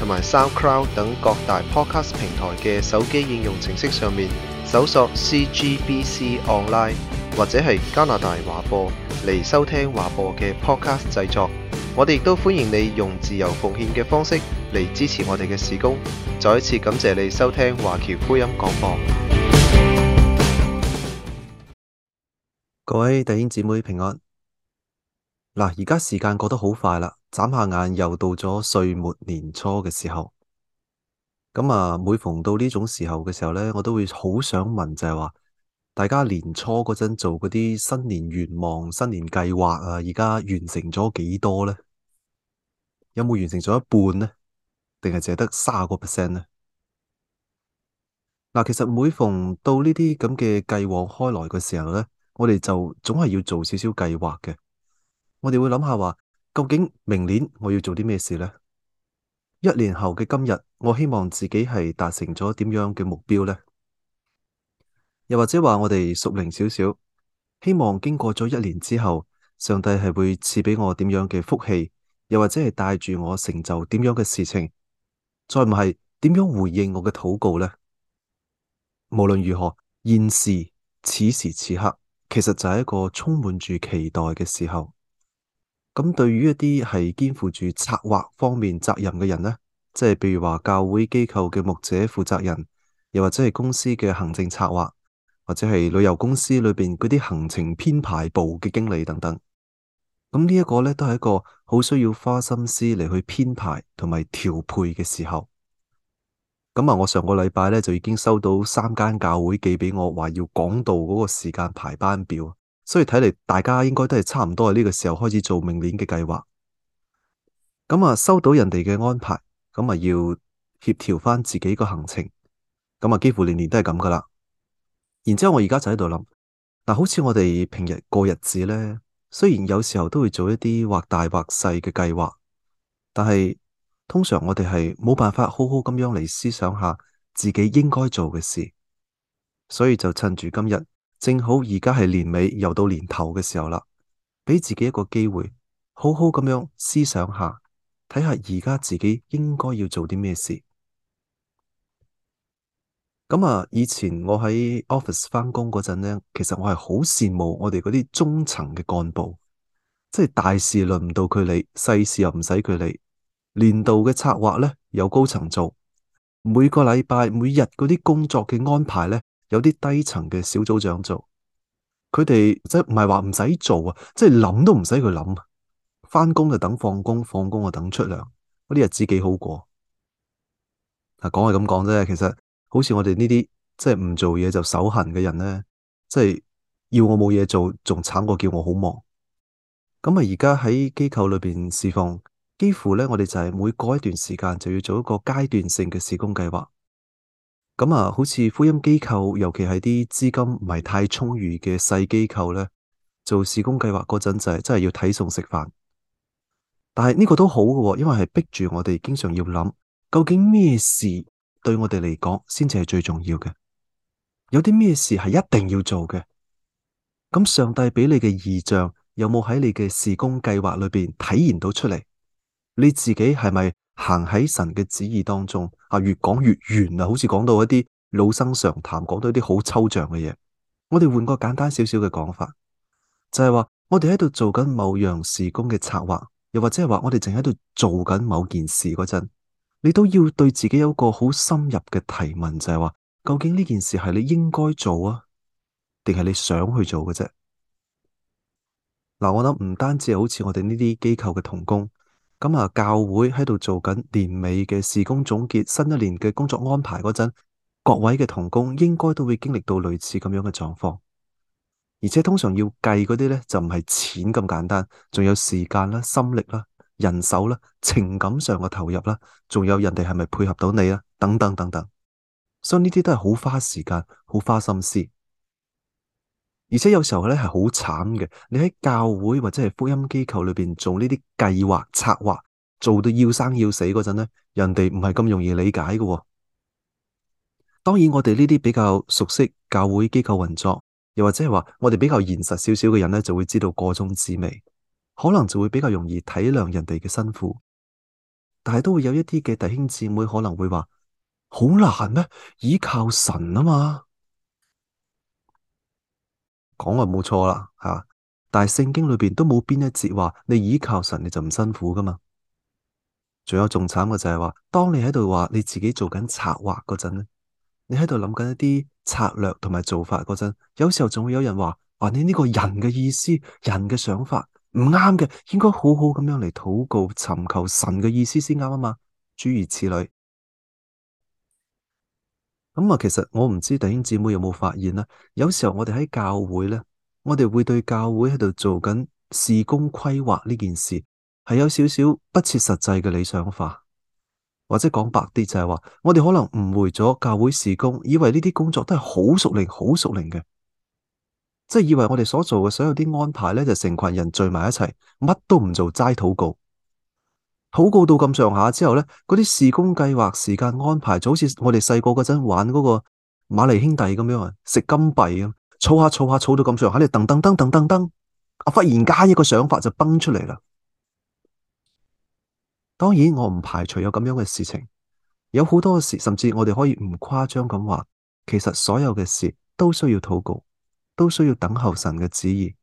同埋 SoundCloud 等各大 Podcast 平台嘅手機應用程式上面搜索 CGBC Online 或者係加拿大華播嚟收聽華播嘅 Podcast 製作，我哋亦都歡迎你用自由奉獻嘅方式嚟支持我哋嘅事工。再一次感謝你收聽華僑福音廣播。各位弟兄姊妹平安。嗱，而家時間過得好快啦，眨下眼又到咗歲末年初嘅時候。咁啊，每逢到呢種時候嘅時候咧，我都會好想問就，就係話大家年初嗰陣做嗰啲新年願望、新年計劃啊，而家完成咗幾多咧？有冇完成咗一半咧？定係淨係得卅個 percent 咧？嗱，其實每逢到呢啲咁嘅計劃開來嘅時候咧，我哋就總係要做少少計劃嘅。我哋會諗下話，究竟明年我要做啲咩事呢？一年後嘅今日，我希望自己係達成咗點樣嘅目標呢？又或者話我哋熟齡少少，希望經過咗一年之後，上帝係會賜畀我點樣嘅福氣？又或者係帶住我成就點樣嘅事情？再唔係點樣回應我嘅禱告呢？無論如何，現時此時此刻，其實就係一個充滿住期待嘅時候。咁對於一啲係肩負住策劃方面責任嘅人呢，即係譬如話教會機構嘅牧者負責人，又或者係公司嘅行政策劃，或者係旅遊公司裏邊嗰啲行程編排部嘅經理等等。咁呢一個呢，都係一個好需要花心思嚟去編排同埋調配嘅時候。咁啊，我上個禮拜呢，就已經收到三間教會寄畀我話要講道嗰個時間排班表。所以睇嚟，大家應該都係差唔多係呢個時候開始做明年嘅計劃。咁啊，收到人哋嘅安排，咁啊要協調返自己個行程。咁啊，幾乎年年都係咁噶啦。然之後我而家就喺度諗，嗱，好似我哋平日過日子咧，雖然有時候都會做一啲或大或細嘅計劃，但係通常我哋係冇辦法好好咁樣嚟思想下自己應該做嘅事，所以就趁住今日。正好而家係年尾又到年頭嘅時候啦，俾自己一個機會，好好咁樣思想下，睇下而家自己應該要做啲咩事。咁、嗯、啊，以前我喺 office 翻工嗰陣呢，其實我係好羨慕我哋嗰啲中層嘅幹部，即係大事輪唔到佢理，細事又唔使佢理，年度嘅策劃呢，有高層做，每個禮拜、每日嗰啲工作嘅安排呢。有啲低層嘅小組長做，佢哋即係唔係話唔使做啊，即係諗都唔使佢諗，返工就等放工，放工就等出糧，嗰啲日子幾好過。啊，講係咁講啫，其實好似我哋呢啲即係唔做嘢就手痕嘅人咧，即係要我冇嘢做，仲慘過叫我好忙。咁啊，而家喺機構裏邊侍奉，幾乎咧我哋就係每過一段時間就要做一個階段性嘅事工計劃。咁啊、嗯，好似福音機構，尤其係啲資金唔係太充裕嘅細機構咧，做事工計劃嗰陣就係真係要睇餸食飯。但係呢個都好嘅，因為係逼住我哋經常要諗，究竟咩事對我哋嚟講先至係最重要嘅？有啲咩事係一定要做嘅？咁上帝俾你嘅異象有冇喺你嘅事工計劃裏邊體現到出嚟？你自己係咪？行喺神嘅旨意當中，啊越講越遠啊，好似講到一啲老生常談，講到一啲好抽象嘅嘢。我哋換個簡單少少嘅講法，就係話我哋喺度做緊某樣事工嘅策劃，又或者係話我哋淨喺度做緊某件事嗰陣，你都要對自己有一個好深入嘅提問，就係話究竟呢件事係你應該做啊，定係你想去做嘅啫？嗱、呃，我諗唔單止係好似我哋呢啲機構嘅同工。咁啊，教會喺度做緊年尾嘅事工總結，新一年嘅工作安排嗰陣，各位嘅同工應該都會經歷到類似咁樣嘅狀況，而且通常要計嗰啲呢，就唔係錢咁簡單，仲有時間啦、心力啦、人手啦、情感上嘅投入啦，仲有人哋係咪配合到你啊？等等等等，所以呢啲都係好花時間、好花心思。而且有時候咧係好慘嘅，你喺教會或者係福音機構裏邊做呢啲計劃策劃，做到要生要死嗰陣咧，人哋唔係咁容易理解嘅，哦。當然我哋呢啲比較熟悉教會機構運作，又或者係話我哋比較現實少少嘅人咧，就會知道個中滋味，可能就會比較容易體諒人哋嘅辛苦。但係都會有一啲嘅弟兄姊妹可能會話：好難咩？依靠神啊嘛。講就冇錯啦，吓，但係聖經裏邊都冇邊一節話你倚靠神你就唔辛苦㗎嘛。仲有仲慘嘅就係話，當你喺度話你自己做緊策劃嗰陣咧，你喺度諗緊一啲策略同埋做法嗰陣，有時候仲會有人話，話你呢個人嘅意思，人嘅想法唔啱嘅，應該好好咁樣嚟禱告尋求神嘅意思先啱啊嘛。諸如此類。咁啊，其實我唔知弟兄姊妹有冇發現啦。有時候我哋喺教會咧，我哋會對教會喺度做緊事工規劃呢件事，係有少少不切實際嘅理想化，或者講白啲就係話，我哋可能誤會咗教會事工，以為呢啲工作都係好屬靈、好屬靈嘅，即係以為我哋所做嘅所有啲安排咧，就成群人聚埋一齊，乜都唔做，齋禱告。禱告到咁上下之後咧，嗰啲事工計劃時間安排就好似我哋細個嗰陣玩嗰個瑪麗兄弟咁樣啊，食金幣咁、啊，儲下儲下儲到咁上下，你噔，噔噔噔噔噔噔，我忽然間一個想法就崩出嚟啦。當然我唔排除有咁樣嘅事情，有好多事，甚至我哋可以唔誇張咁話，其實所有嘅事都需要禱告，都需要等候神嘅旨意。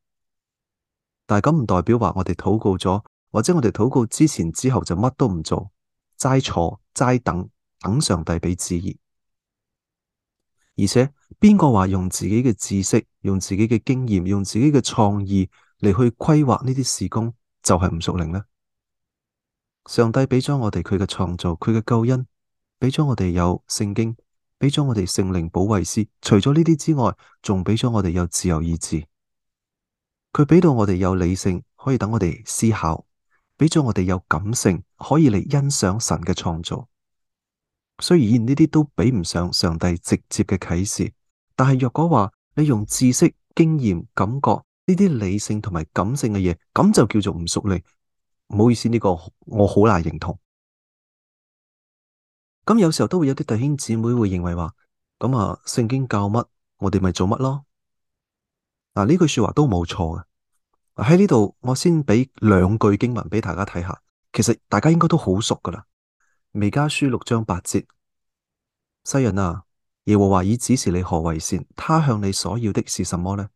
但係咁唔代表話我哋禱告咗。或者我哋禱告之前之後就乜都唔做，齋坐齋等，等上帝畀旨意。而且邊個話用自己嘅知識、用自己嘅經驗、用自己嘅創意嚟去規劃呢啲事工，就係唔屬靈呢？上帝畀咗我哋佢嘅創造，佢嘅救恩，畀咗我哋有聖經，畀咗我哋聖靈保惠師。除咗呢啲之外，仲畀咗我哋有自由意志。佢畀到我哋有理性，可以等我哋思考。俾咗我哋有感性，可以嚟欣賞神嘅創造。雖然呢啲都比唔上上帝直接嘅啟示，但係若果話你用知識、經驗、感覺呢啲理性同埋感性嘅嘢，咁就叫做唔屬靈。唔好意思，呢個我好難認同。咁有時候都會有啲弟兄姊妹會認為話，咁啊聖經教乜，我哋咪做乜咯？嗱、啊、呢句說話都冇錯嘅。喺呢度，我先俾兩句經文俾大家睇下。其實大家應該都好熟噶啦，《彌迦書》六章八節：世人啊，耶和華已指示你何為善，他向你所要的是什麼呢？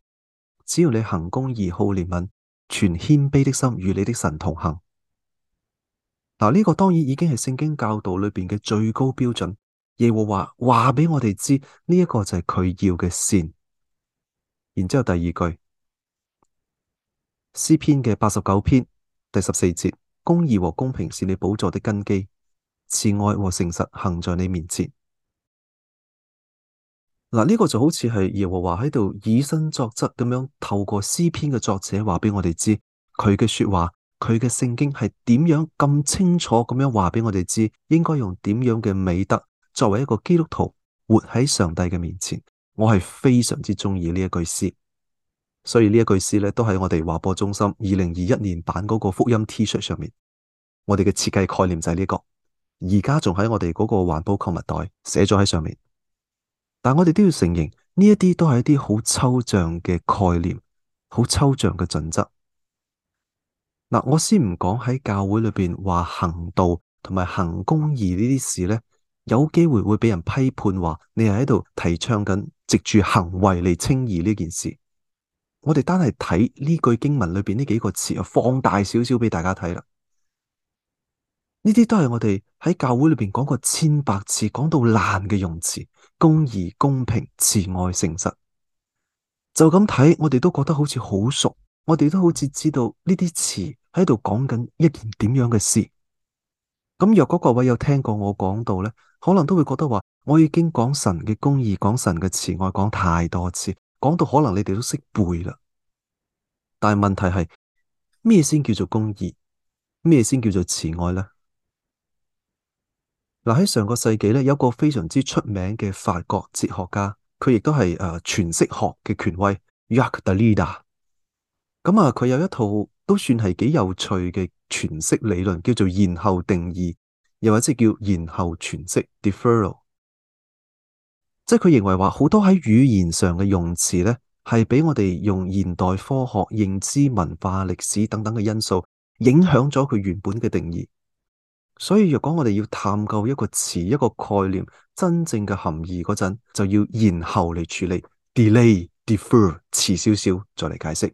只要你行公義、好憐憫、存謙卑的心，與你的神同行。嗱，呢個當然已經係聖經教導裏邊嘅最高標準。耶和華話俾我哋知，呢、這、一個就係佢要嘅善。然之後第二句。詩篇嘅八十九篇第十四節，公義和公平是你寶座的根基，慈愛和誠實行在你面前。嗱，呢個就好似係耶和華喺度以身作則咁樣，透過詩篇嘅作者話畀我哋知，佢嘅說話，佢嘅聖經係點樣咁清楚咁樣話畀我哋知，應該用點樣嘅美德作為一個基督徒活喺上帝嘅面前。我係非常之中意呢一句詩。所以呢一句詩咧，都喺我哋華波中心二零二一年版嗰個福音 T 恤上面，我哋嘅設計概念就係呢個。而家仲喺我哋嗰個環保購物袋寫咗喺上面。但我哋都要承認，呢一啲都係一啲好抽象嘅概念，好抽象嘅準則。嗱，我先唔講喺教會裏邊話行道同埋行公義呢啲事咧，有機會會俾人批判話，你係喺度提倡緊藉住行為嚟稱義呢件事。我哋單係睇呢句經文裏邊呢幾個詞啊，放大少少俾大家睇啦。呢啲都係我哋喺教會裏邊講過千百次，講到爛嘅用詞，公義、公平、慈愛、誠實。就咁睇，我哋都覺得好似好熟，我哋都好似知道呢啲詞喺度講緊一件點樣嘅事。咁若果各位有聽過我講到咧，可能都會覺得話，我已經講神嘅公義、講神嘅慈愛，講太多次。講到可能你哋都識背啦，但係問題係咩先叫做公義，咩先叫做慈愛呢？嗱，喺上個世紀咧，有一個非常之出名嘅法國哲學家，佢亦都係誒詮釋學嘅權威，Jacques Derrida。咁啊，佢有一套都算係幾有趣嘅詮釋理論，叫做延後定義，又或者叫延後詮釋 （deferral）。De 即係佢認為話，好多喺語言上嘅用詞咧，係俾我哋用現代科學、認知、文化、歷史等等嘅因素影響咗佢原本嘅定義。所以若果我哋要探究一個詞、一個概念真正嘅含義嗰陣，就要延後嚟處理，delay、defer，遲少少再嚟解釋。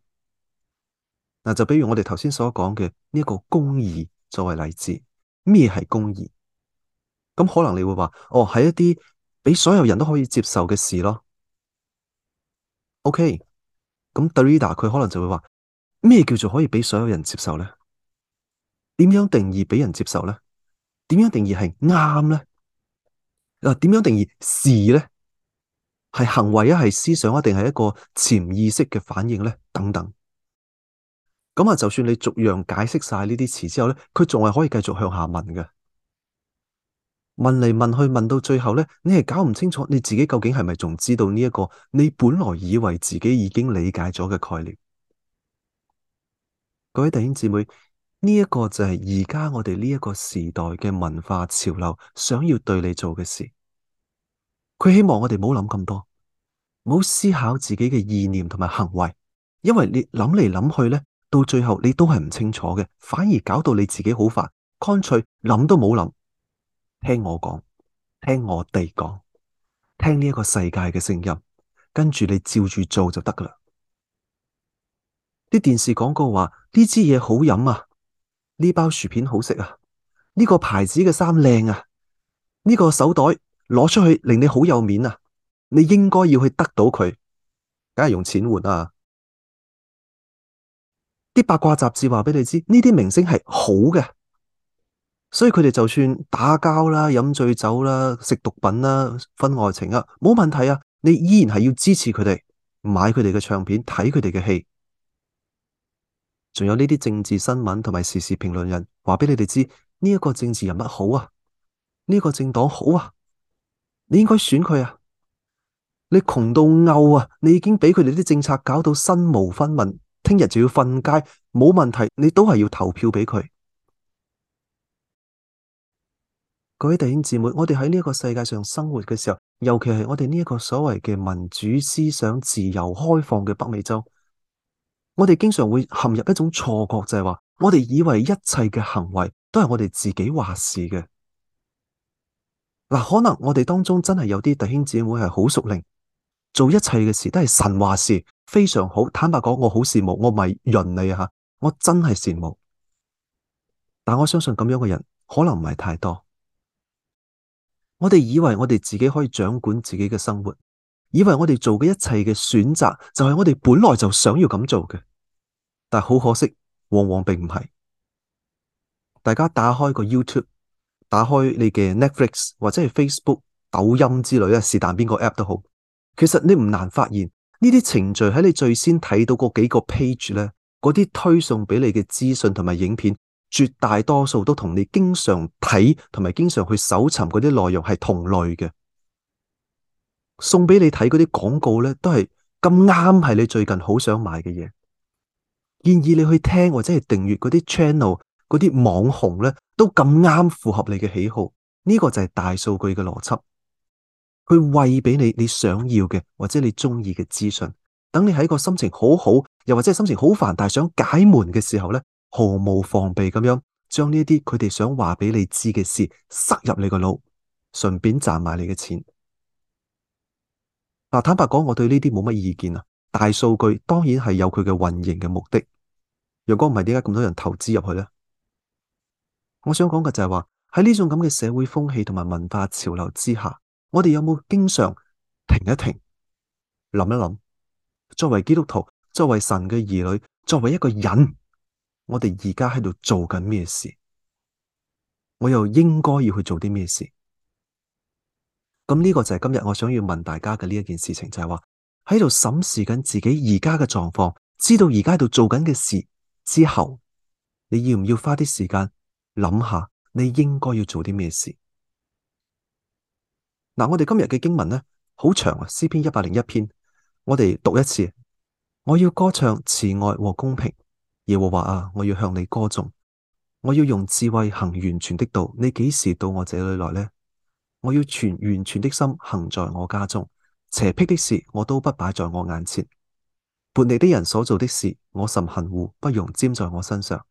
嗱，就比如我哋頭先所講嘅呢一個公義作為例子，咩係公義？咁可能你會話，哦喺一啲，俾所有人都可以接受嘅事咯，OK？咁 Derrida 佢可能就會話，咩叫做可以俾所有人接受咧？點樣定義俾人接受咧？點樣定義係啱咧？嗱，點樣定義事咧？係行為啊，係思想啊，定係一個潛意識嘅反應咧？等等。咁啊，就算你逐樣解釋晒呢啲詞之後咧，佢仲係可以繼續向下問嘅。問嚟問去，問到最後咧，你係搞唔清楚你自己究竟係咪仲知道呢一個你本來以為自己已經理解咗嘅概念？各位弟兄姊妹，呢一個就係而家我哋呢一個時代嘅文化潮流想要對你做嘅事。佢希望我哋唔好諗咁多，唔好思考自己嘅意念同埋行為，因為你諗嚟諗去咧，到最後你都係唔清楚嘅，反而搞到你自己好煩，乾脆諗都冇諗。聽我講，聽我哋講，聽呢一個世界嘅聲音，跟住你照住做就得噶啦。啲電視廣告話，呢支嘢好飲啊，呢包薯片好食啊，呢個牌子嘅衫靚啊，呢個手袋攞出去令你好有面啊，你應該要去得到佢，梗係用錢換啊。啲八卦雜誌話俾你知，呢啲明星係好嘅。所以佢哋就算打交啦，飲醉酒啦，食毒品啦，婚外情啊，冇問題啊，你依然係要支持佢哋，買佢哋嘅唱片，睇佢哋嘅戲。仲有呢啲政治新聞同埋時事評論人話俾你哋知，呢一個政治人物好啊，呢個政黨好啊，你應該選佢啊。你窮到嘔啊，你已經俾佢哋啲政策搞到身無分文，聽日就要瞓街，冇問題，你都係要投票俾佢。各位弟兄姊妹，我哋喺呢一個世界上生活嘅時候，尤其係我哋呢一個所謂嘅民主思想、自由開放嘅北美洲，我哋經常會陷入一種錯覺，就係話我哋以為一切嘅行為都係我哋自己話事嘅。嗱，可能我哋當中真係有啲弟兄姊妹係好屬靈，做一切嘅事都係神話事，非常好。坦白講，我好羨慕，我咪潤你啊！吓，我真係羨慕。但我相信咁樣嘅人可能唔係太多。我哋以為我哋自己可以掌管自己嘅生活，以為我哋做嘅一切嘅選擇就係我哋本來就想要咁做嘅，但好可惜，往往並唔係。大家打開個 YouTube，打開你嘅 Netflix 或者係 Facebook、抖音之類呀，是但邊個 app 都好，其實你唔難發現呢啲程序喺你最先睇到嗰幾個 page 呢，嗰啲推送俾你嘅資訊同埋影片。絕大多數都同你經常睇同埋經常去搜尋嗰啲內容係同類嘅，送俾你睇嗰啲廣告咧，都係咁啱係你最近好想買嘅嘢。建議你去聽或者係訂閱嗰啲 channel、嗰啲網紅咧，都咁啱符合你嘅喜好。呢個就係大數據嘅邏輯，去餵俾你你想要嘅或者你中意嘅資訊。等你喺個心情好好，又或者係心情好煩但係想解悶嘅時候咧。毫無防備咁樣將呢啲佢哋想話俾你知嘅事塞入你個腦，順便賺埋你嘅錢。嗱，坦白講，我對呢啲冇乜意見啊。大數據當然係有佢嘅運營嘅目的。若果唔係，點解咁多人投資入去咧？我想講嘅就係話喺呢種咁嘅社會風氣同埋文化潮流之下，我哋有冇經常停一停、諗一諗？作為基督徒，作為神嘅兒女，作為一個人。我哋而家喺度做緊咩事？我又應該要去做啲咩事？咁呢個就係今日我想要問大家嘅呢一件事情，就係話喺度審視緊自己而家嘅狀況，知道而家喺度做緊嘅事之後，你要唔要花啲時間諗下，你應該要做啲咩事？嗱，我哋今日嘅經文咧好長啊，詩篇一百零一篇，我哋讀一次。我要歌唱慈愛和公平。耶和華啊，我要向你歌頌，我要用智慧行完全的道。你幾時到我這裏來呢？我要全完全的心行在我家中，邪僻的事我都不擺在我眼前。叛逆的人所做的事，我甚恨惡，不容沾在我身上。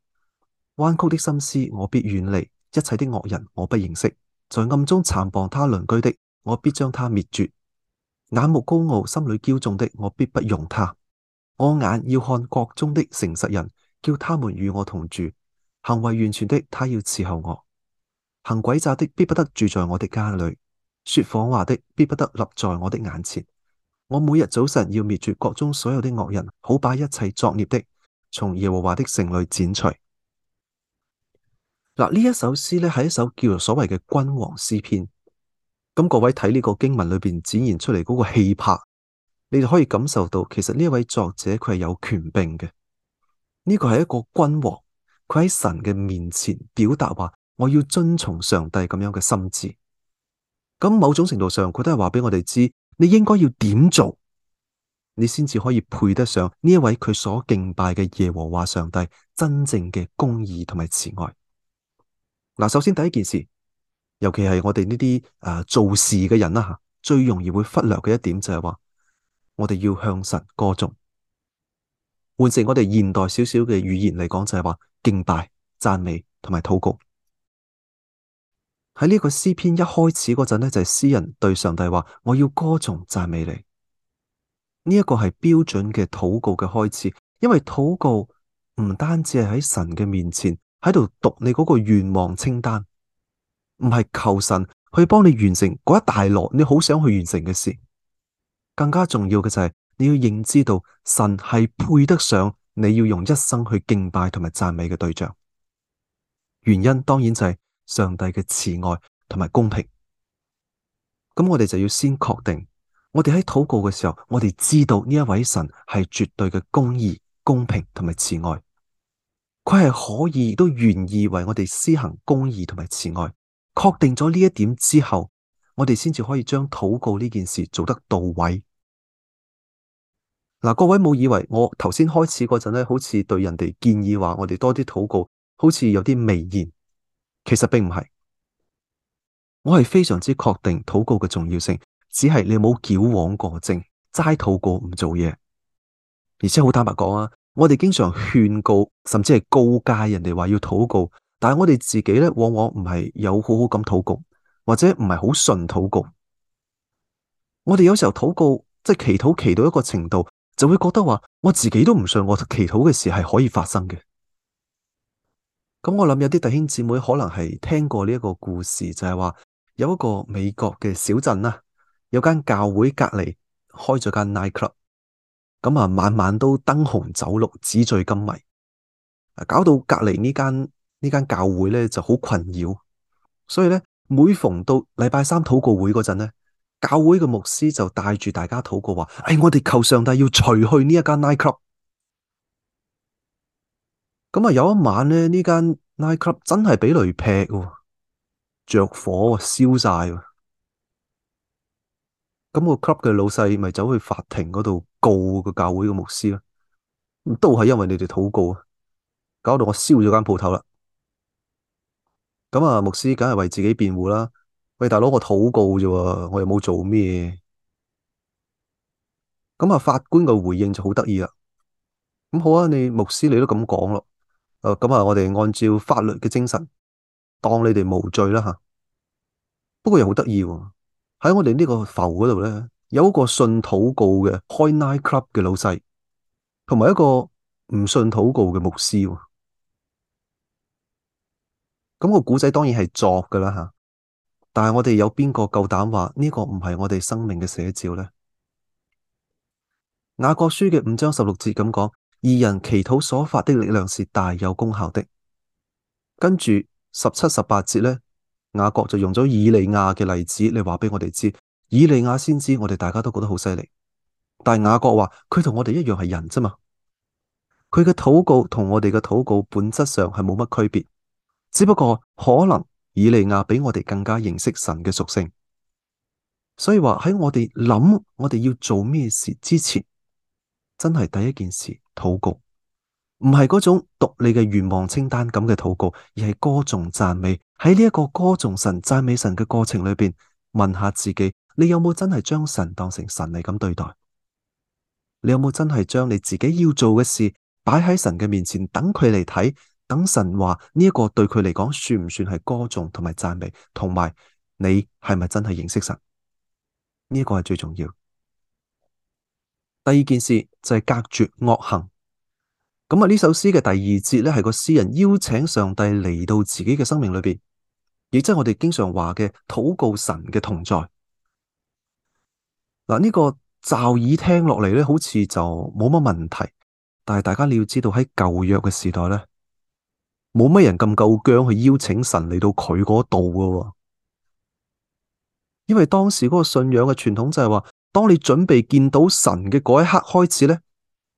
彎曲的心思我必遠離，一切的惡人我不認識。在暗中殘暴他鄰居的，我必將他滅絕。眼目高傲、心裏驕縱的，我必不容他。我眼要看國中的誠實人。叫他們與我同住，行為完全的，他要伺候我；行詭詐的，必不得住在我的家裏；說謊話的，必不得立在我的眼前。我每日早晨要滅絕國中所有的惡人，好把一切作孽的從耶和華的城裏剪除。嗱，呢一首詩呢，係一首叫做所謂嘅君王詩篇。咁各位睇呢個經文裏邊展現出嚟嗰個氣魄，你就可以感受到，其實呢一位作者佢係有權柄嘅。呢個係一個君王，佢喺神嘅面前表達話，我要遵從上帝咁樣嘅心智。咁某種程度上，佢都係話俾我哋知，你應該要點做，你先至可以配得上呢一位佢所敬拜嘅耶和華上帝真正嘅公義同埋慈愛。嗱，首先第一件事，尤其係我哋呢啲誒做事嘅人啦吓，最容易會忽略嘅一點就係話，我哋要向神歌頌。換成我哋現代少少嘅語言嚟講，就係話敬拜、讚美同埋禱告。喺呢個詩篇一開始嗰陣咧，就係詩人對上帝話：我要歌頌讚美你。呢一個係標準嘅禱告嘅開始，因為禱告唔單止係喺神嘅面前喺度讀你嗰個願望清單，唔係求神去幫你完成嗰一大摞你好想去完成嘅事，更加重要嘅就係……你要認知到神係配得上你要用一生去敬拜同埋讚美嘅對象，原因當然就係上帝嘅慈愛同埋公平。咁我哋就要先確定，我哋喺禱告嘅時候，我哋知道呢一位神係絕對嘅公義、公平同埋慈愛，佢係可以都願意為我哋施行公義同埋慈愛。確定咗呢一點之後，我哋先至可以將禱告呢件事做得到位。嗱，各位冇以為我頭先開始嗰陣咧，好似對人哋建議話我哋多啲禱告，好似有啲微言。其實並唔係，我係非常之確定禱告嘅重要性。只係你冇矯枉過正，齋禱告唔做嘢。而且好坦白講啊，我哋經常勸告，甚至係告誡人哋話要禱告，但係我哋自己咧，往往唔係有好好咁禱告，或者唔係好信禱告。我哋有時候禱告即係祈禱，祈到一個程度。就會覺得話我自己都唔信，我祈禱嘅事係可以發生嘅。咁我諗有啲弟兄姊妹可能係聽過呢一個故事，就係話有一個美國嘅小鎮啦，有間教會隔籬開咗間 night club，咁啊晚晚都燈紅酒綠、紙醉金迷，啊搞到隔籬呢間呢間教會咧就好困擾。所以咧，每逢到禮拜三禱告會嗰陣咧。教會嘅牧師就帶住大家禱告話：，哎，我哋求上帝要除去呢一間 night club。咁啊，有一晚咧，呢間 night club 真係俾雷劈嘅，着火喎，燒晒。咁個 club 嘅老細咪走去法庭嗰度告個教會嘅牧師咯，都係因為你哋禱告啊，搞到我燒咗間鋪頭啦。咁啊，牧師梗係為自己辯護啦。喂，大佬，我禱告啫喎，我又冇做咩。咁啊，法官嘅回應就好得意啦。咁好啊，你牧師你都咁講咯。誒，咁啊，我哋按照法律嘅精神，當你哋無罪啦吓。不過又好得意喎，喺我哋呢個埠嗰度咧，有一個信禱告嘅開 night club 嘅老細，同埋一個唔信禱告嘅牧師。咁個古仔當然係作噶啦吓。但係我哋有邊個夠膽話呢個唔係我哋生命嘅寫照呢？雅各書嘅五章十六節咁講，義人祈禱所發的力量是大有功效的。跟住十七、十八節呢，雅各就用咗以利亞嘅例子嚟話俾我哋知，以利亞先知我哋大家都覺得好犀利，但係雅各話佢同我哋一樣係人咋嘛？佢嘅禱告同我哋嘅禱告本質上係冇乜區別，只不過可能。以利亞比我哋更加認識神嘅屬性，所以話喺我哋諗我哋要做咩事之前，真係第一件事禱告，唔係嗰種讀你嘅願望清單咁嘅禱告，而係歌頌讚美。喺呢一個歌頌神、讚美神嘅過程裏邊，問下自己，你有冇真係將神當成神嚟咁對待？你有冇真係將你自己要做嘅事擺喺神嘅面前，等佢嚟睇？等神話呢一個對佢嚟講算唔算係歌頌同埋讚美？同埋你係咪真係認識神？呢一個係最重要。第二件事就係隔絕惡行。咁啊，呢首詩嘅第二節咧，係個詩人邀請上帝嚟到自己嘅生命裏邊，亦即係我哋經常話嘅禱告神嘅同在。嗱，呢個驟耳聽落嚟咧，好似就冇乜問題。但係大家你要知道喺舊約嘅時代咧。冇乜人咁夠薑去邀請神嚟到佢嗰度噶，因為當時嗰個信仰嘅傳統就係話，當你準備見到神嘅嗰一刻開始咧，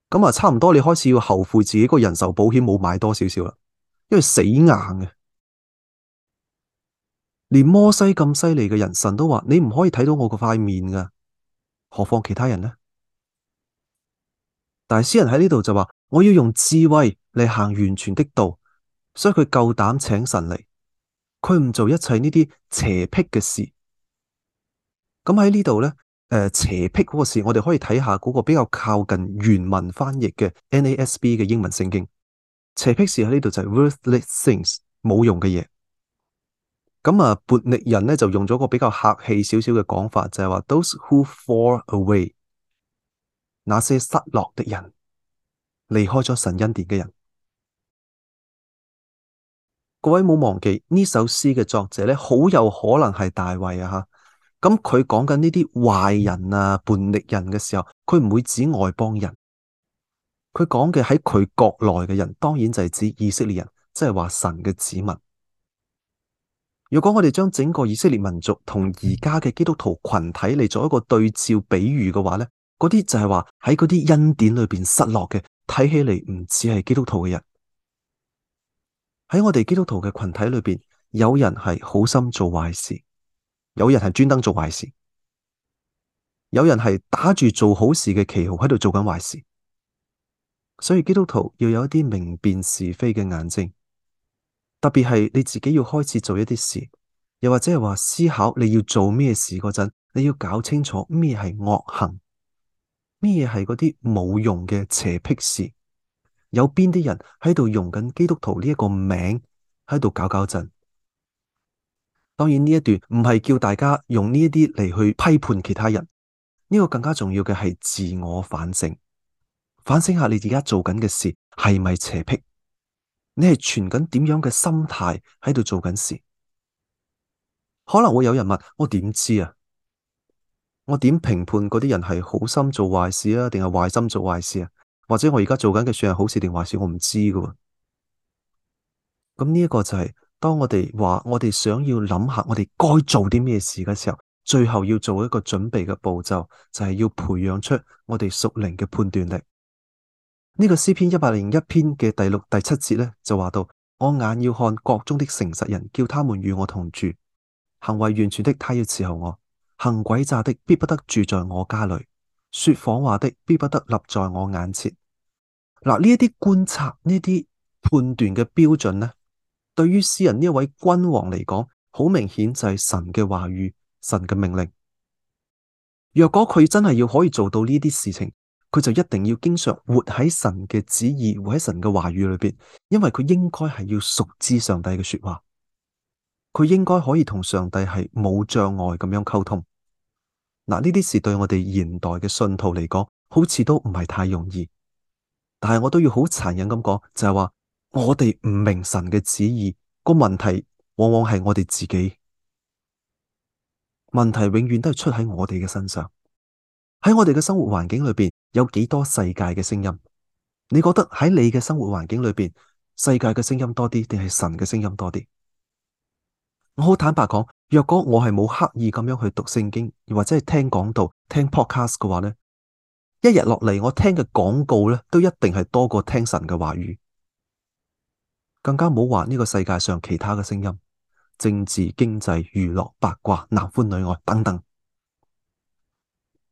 咁啊差唔多你開始要後悔自己個人壽保險冇買多少少啦，因為死硬嘅，連摩西咁犀利嘅人，神都話你唔可以睇到我個塊面噶，何況其他人呢？但係詩人喺呢度就話，我要用智慧嚟行完全的道。所以佢夠膽請神嚟，佢唔做一切呢啲邪僻嘅事。咁喺呢度咧，誒、呃、邪僻嗰個事，我哋可以睇下嗰個比較靠近原文翻譯嘅 NASB 嘅英文聖經。邪僻事喺呢度就係 worthless things，冇用嘅嘢。咁啊，背逆人咧就用咗個比較客氣少少嘅講法，就係、是、話 those who fall away，那些失落的人，離開咗神恩典嘅人。各位冇忘記呢首詩嘅作者咧，好有可能係大衛啊吓。咁佢講緊呢啲壞人啊、叛逆人嘅時候，佢唔會指外邦人。佢講嘅喺佢國內嘅人，當然就係指以色列人，即係話神嘅子民。如果我哋將整個以色列民族同而家嘅基督徒群體嚟做一個對照比喻嘅話咧，嗰啲就係話喺嗰啲恩典裏邊失落嘅，睇起嚟唔似係基督徒嘅人。喺我哋基督徒嘅群體裏邊，有人係好心做壞事，有人係專登做壞事，有人係打住做好事嘅旗號喺度做緊壞事。所以基督徒要有一啲明辨是非嘅眼睛，特別係你自己要開始做一啲事，又或者係話思考你要做咩事嗰陣，你要搞清楚咩係惡行，咩嘢係嗰啲冇用嘅邪僻事。有邊啲人喺度用緊基督徒呢一個名喺度搞搞震。當然呢一段唔係叫大家用呢一啲嚟去批判其他人，呢個更加重要嘅係自我反省，反省下你而家做緊嘅事係咪邪僻。你係存緊點樣嘅心態喺度做緊事。可能會有人問：我點知啊？我點評判嗰啲人係好心做壞事啊，定係壞心做壞事啊？或者我而家做緊嘅算係好事定壞事，我唔知噶。咁呢一個就係、是、當我哋話我哋想要諗下我哋該做啲咩事嘅時候，最後要做一個準備嘅步驟，就係、是、要培養出我哋屬靈嘅判斷力。呢、這個詩篇一百零一篇嘅第六、第七節咧就話到：我眼要看國中的誠實人，叫他們與我同住；行為完全的，他要伺候我；行詭詐的，必不得住在我家裏；說謊話的，必不得立在我眼前。嗱，呢一啲觀察、呢啲判斷嘅標準呢，對於詩人呢位君王嚟講，好明顯就係神嘅話語、神嘅命令。若果佢真係要可以做到呢啲事情，佢就一定要經常活喺神嘅旨意、活喺神嘅話語裏邊，因為佢應該係要熟知上帝嘅說話，佢應該可以同上帝係冇障礙咁樣溝通。嗱，呢啲事對我哋現代嘅信徒嚟講，好似都唔係太容易。但係我都要好殘忍咁講，就係話我哋唔明神嘅旨意，個問題往往係我哋自己，問題永遠都係出喺我哋嘅身上。喺我哋嘅生活環境裏邊，有幾多世界嘅聲音？你覺得喺你嘅生活環境裏邊，世界嘅聲音多啲定係神嘅聲音多啲？我好坦白講，若果我係冇刻意咁樣去讀聖經，或者係聽講道、聽 podcast 嘅話咧。一日落嚟，我聽嘅廣告咧，都一定係多過聽神嘅話語，更加冇話呢個世界上其他嘅聲音，政治、經濟、娛樂、八卦、男歡女愛等等。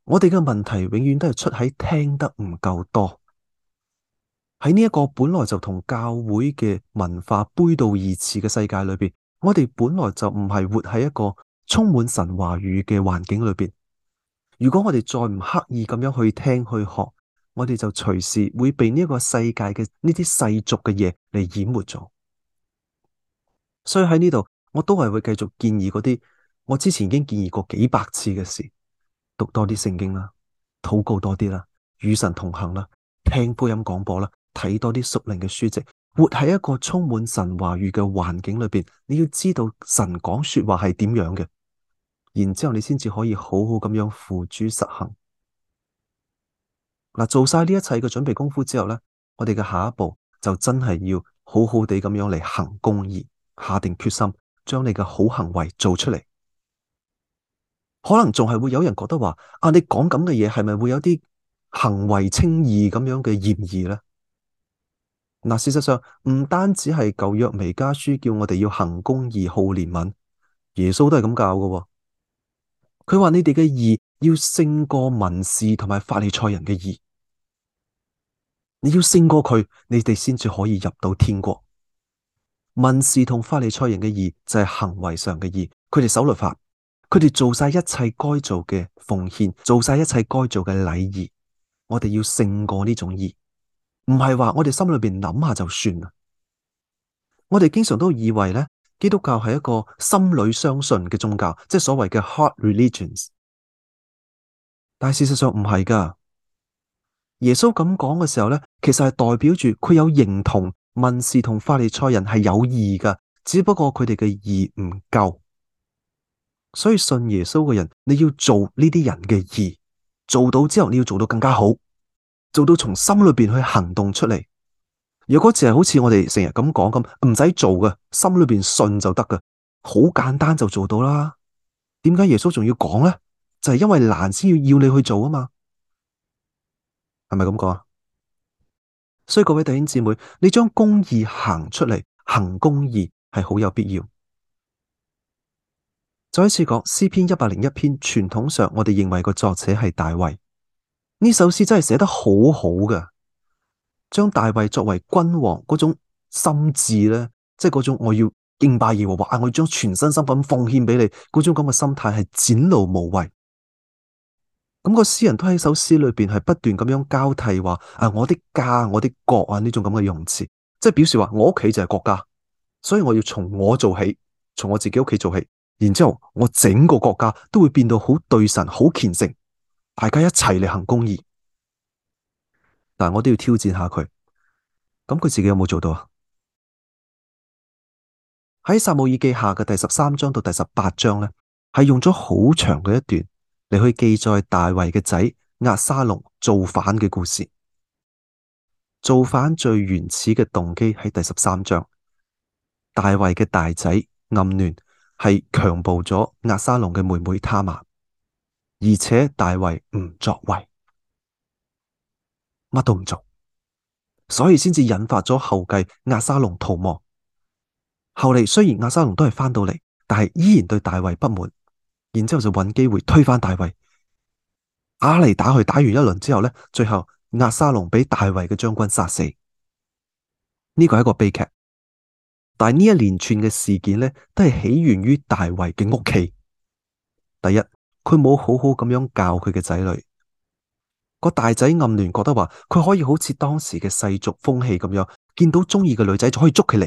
我哋嘅問題永遠都係出喺聽得唔夠多。喺呢一個本來就同教會嘅文化背道而馳嘅世界裏邊，我哋本來就唔係活喺一個充滿神話語嘅環境裏邊。如果我哋再唔刻意咁樣去聽去學，我哋就隨時會被呢個世界嘅呢啲世俗嘅嘢嚟淹沒咗。所以喺呢度，我都係會繼續建議嗰啲我之前已經建議過幾百次嘅事：讀多啲聖經啦，禱告多啲啦，與神同行啦，聽福音廣播啦，睇多啲屬靈嘅書籍，活喺一個充滿神話語嘅環境裏邊。你要知道神講說話係點樣嘅。然之後你先至可以好好咁樣付諸實行。嗱，做晒呢一切嘅準備功夫之後咧，我哋嘅下一步就真係要好好地咁樣嚟行公義，下定決心將你嘅好行為做出嚟。可能仲係會有人覺得話：啊，你講咁嘅嘢係咪會有啲行為稱義咁樣嘅嫌疑咧？嗱，事實上唔單止係舊約彌迦書叫我哋要行公義、好憐憫，耶穌都係咁教噶。佢話：你哋嘅義要勝過文士同埋法利賽人嘅義，你要勝過佢，你哋先至可以入到天國。文士同法利賽人嘅義就係行為上嘅義，佢哋守律法，佢哋做晒一切該做嘅奉獻，做晒一切該做嘅禮儀。我哋要勝過呢種義，唔係話我哋心裏邊諗下就算啦。我哋經常都以為咧。基督教係一個心裏相信嘅宗教，即係所謂嘅 heart religions。但係事實上唔係噶。耶穌咁講嘅時候咧，其實係代表住佢有認同文士同法利賽人係有義嘅，只不過佢哋嘅義唔夠。所以信耶穌嘅人，你要做呢啲人嘅義，做到之後你要做到更加好，做到從心裏邊去行動出嚟。如果淨係好似我哋成日咁講咁，唔使做噶，心裏邊信就得噶，好簡單就做到啦。點解耶穌仲要講咧？就係因為難，先要要你去做啊嘛。係咪咁講啊？所以各位弟兄姊妹，你將公義行出嚟，行公義係好有必要。再一次講詩篇一百零一篇，傳統上我哋認為個作者係大衛，呢首詩真係寫得好好噶。將大衛作為君王嗰種心智咧，即係嗰種我要敬拜耶和華，我要將全身心咁奉獻俾你嗰種咁嘅心態，係展露無遺。咁、那個詩人都喺首詩裏邊係不斷咁樣交替話：啊，我啲家，我啲國啊，呢種咁嘅用詞，即係表示話我屋企就係國家，所以我要從我做起，從我自己屋企做起，然之後我整個國家都會變到好對神好虔誠，大家一齊嚟行公義。但我都要挑戰下佢，咁佢自己有冇做到啊？喺撒母耳記下嘅第十三章到第十八章咧，係用咗好長嘅一段嚟，去記載大衛嘅仔押沙龍造反嘅故事。造反最原始嘅動機係第十三章，大衛嘅大仔暗戀係強暴咗押沙龍嘅妹妹他瑪，而且大衛唔作為。乜都唔做，所以先至引發咗後繼亞沙龍逃亡。後嚟，雖然亞沙龍都係翻到嚟，但係依然對大衛不滿，然之後就揾機會推翻大衛。阿打嚟打去，打完一輪之後呢，最後亞沙龍俾大衛嘅將軍殺死。呢個係一個悲劇，但係呢一連串嘅事件呢，都係起源於大衛嘅屋企。第一，佢冇好好咁樣教佢嘅仔女。個大仔暗戀，覺得話佢可以好似當時嘅世俗風氣咁樣，見到中意嘅女仔就可以捉佢嚟。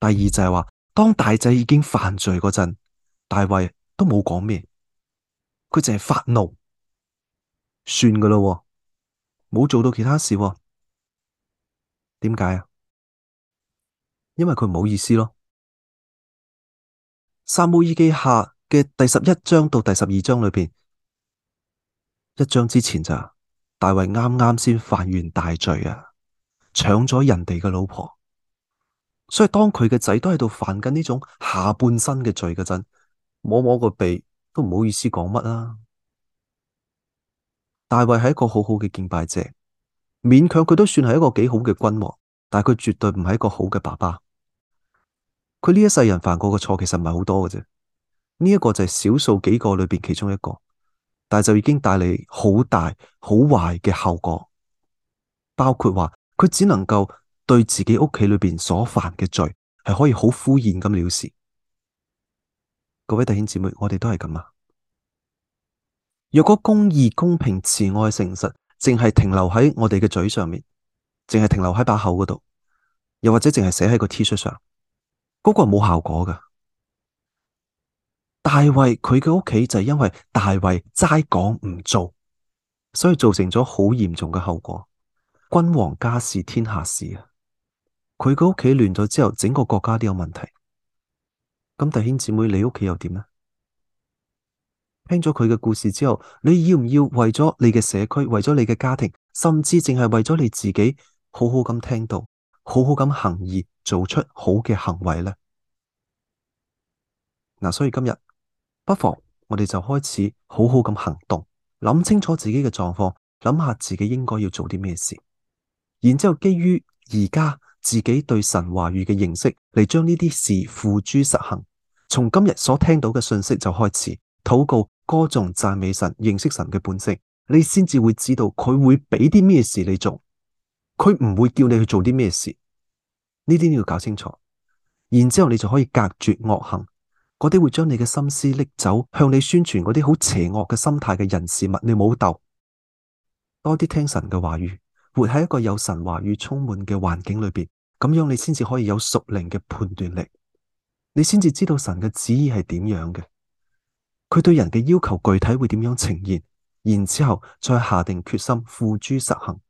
第二就係話，當大仔已經犯罪嗰陣，大衛都冇講咩，佢淨係發怒，算噶咯，冇做到其他事喎。點解啊？因為佢唔好意思咯。撒母耳記下嘅第十一章到第十二章裏邊。一章之前咋？大衛啱啱先犯完大罪啊，搶咗人哋嘅老婆，所以當佢嘅仔都喺度犯緊呢種下半身嘅罪嗰陣，摸摸個鼻都唔好意思講乜啦。大衛係一個好好嘅敬拜者，勉強佢都算係一個幾好嘅君王，但係佢絕對唔係一個好嘅爸爸。佢呢一世人犯過嘅錯其實唔係好多嘅啫，呢、這、一個就係少數幾個裏邊其中一個。但就已經帶嚟好大好壞嘅後果，包括話佢只能夠對自己屋企裏邊所犯嘅罪係可以好敷衍咁了事。各位弟兄姊妹，我哋都係咁啊！若果公義、公平、慈愛、誠實，淨係停留喺我哋嘅嘴上面，淨係停留喺把口嗰度，又或者淨係寫喺個 T 恤上，嗰、個係冇效果㗎。大衛佢嘅屋企就係因為大衛齋講唔做，所以造成咗好嚴重嘅後果。君王家事天下事啊，佢個屋企亂咗之後，整個國家都有問題。咁弟兄姊妹，你屋企又點呢？聽咗佢嘅故事之後，你要唔要為咗你嘅社區、為咗你嘅家庭，甚至淨係為咗你自己，好好咁聽到，好好咁行義，做出好嘅行為呢？嗱，所以今日。不妨我哋就開始好好咁行動，諗清楚自己嘅狀況，諗下自己應該要做啲咩事，然之後基於而家自己對神話語嘅認識，嚟將呢啲事付諸實行。從今日所聽到嘅信息就開始禱告、歌頌、讚美神，認識神嘅本性，你先至會知道佢會俾啲咩事你做，佢唔會叫你去做啲咩事，呢啲你要搞清楚，然之後你就可以隔絕惡行。嗰啲會將你嘅心思拎走，向你宣傳嗰啲好邪惡嘅心態嘅人事物，你冇斗多啲聽神嘅話語，活喺一個有神話語充滿嘅環境裏邊，咁樣你先至可以有屬靈嘅判斷力，你先至知道神嘅旨意係點樣嘅，佢對人嘅要求具體會點樣呈現，然之後再下定決心付諸實行，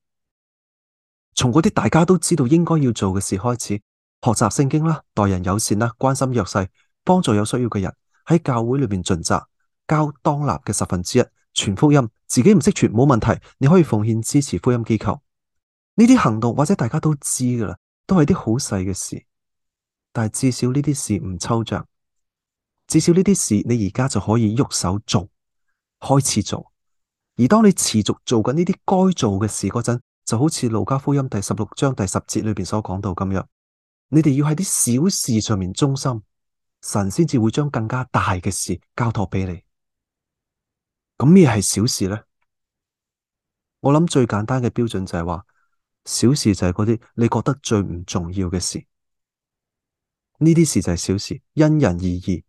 從嗰啲大家都知道應該要做嘅事開始，學習聖經啦，待人友善啦，關心弱勢。幫助有需要嘅人，喺教會裏邊盡責，交當立嘅十分之一，傳福音，自己唔識傳冇問題，你可以奉獻支持福音機構。呢啲行動或者大家都知噶啦，都係啲好細嘅事，但係至少呢啲事唔抽象，至少呢啲事你而家就可以喐手做，開始做。而當你持續做緊呢啲該做嘅事嗰陣，就好似路加福音第十六章第十節裏邊所講到咁樣，你哋要喺啲小事上面忠心。神先至會將更加大嘅事交託俾你。咁咩係小事呢？我諗最簡單嘅標準就係話，小事就係嗰啲你覺得最唔重要嘅事。呢啲事就係小事，因人而異。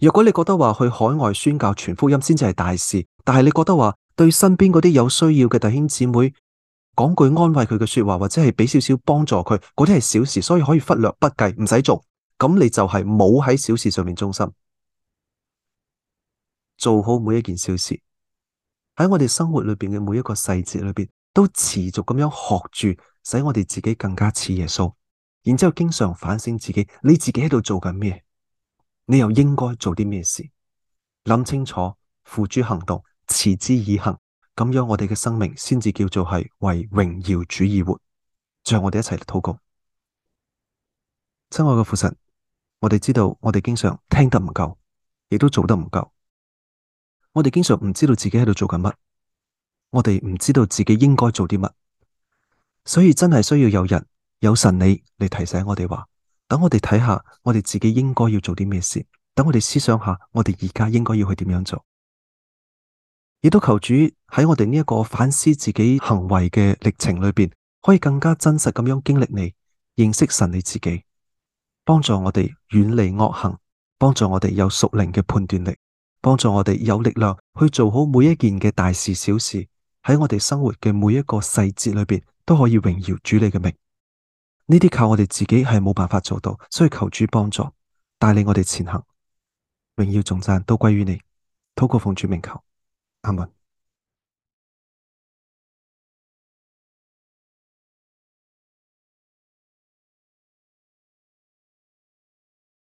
若果你覺得話去海外宣教、傳福音先至係大事，但係你覺得話對身邊嗰啲有需要嘅弟兄姊妹講句安慰佢嘅說話，或者係俾少少幫助佢，嗰啲係小事，所以可以忽略不計，唔使做。咁你就係冇喺小事上面忠心，做好每一件小事，喺我哋生活裏邊嘅每一個細節裏邊，都持續咁樣學住，使我哋自己更加似耶穌。然之後經常反省自己，你自己喺度做緊咩？你又應該做啲咩事？諗清楚，付諸行動，持之以恆。咁樣我哋嘅生命先至叫做係為榮耀主而活。最後我哋一齊禱告。親愛嘅父神，我哋知道我哋經常聽得唔夠，亦都做得唔夠。我哋經常唔知道自己喺度做緊乜，我哋唔知道自己應該做啲乜，所以真係需要有人、有神你嚟提醒我哋話：等我哋睇下我哋自己應該要做啲咩事，等我哋思想下我哋而家應該要去點樣做。亦都求主喺我哋呢一個反思自己行為嘅歷程裏邊，可以更加真實咁樣經歷你，認識神你自己。幫助我哋遠離惡行，幫助我哋有屬靈嘅判斷力，幫助我哋有力量去做好每一件嘅大事小事，喺我哋生活嘅每一個細節裏邊都可以榮耀主你嘅名。呢啲靠我哋自己係冇辦法做到，所以求主幫助帶領我哋前行，榮耀頌讚都歸於你。禱告奉主名求，阿門。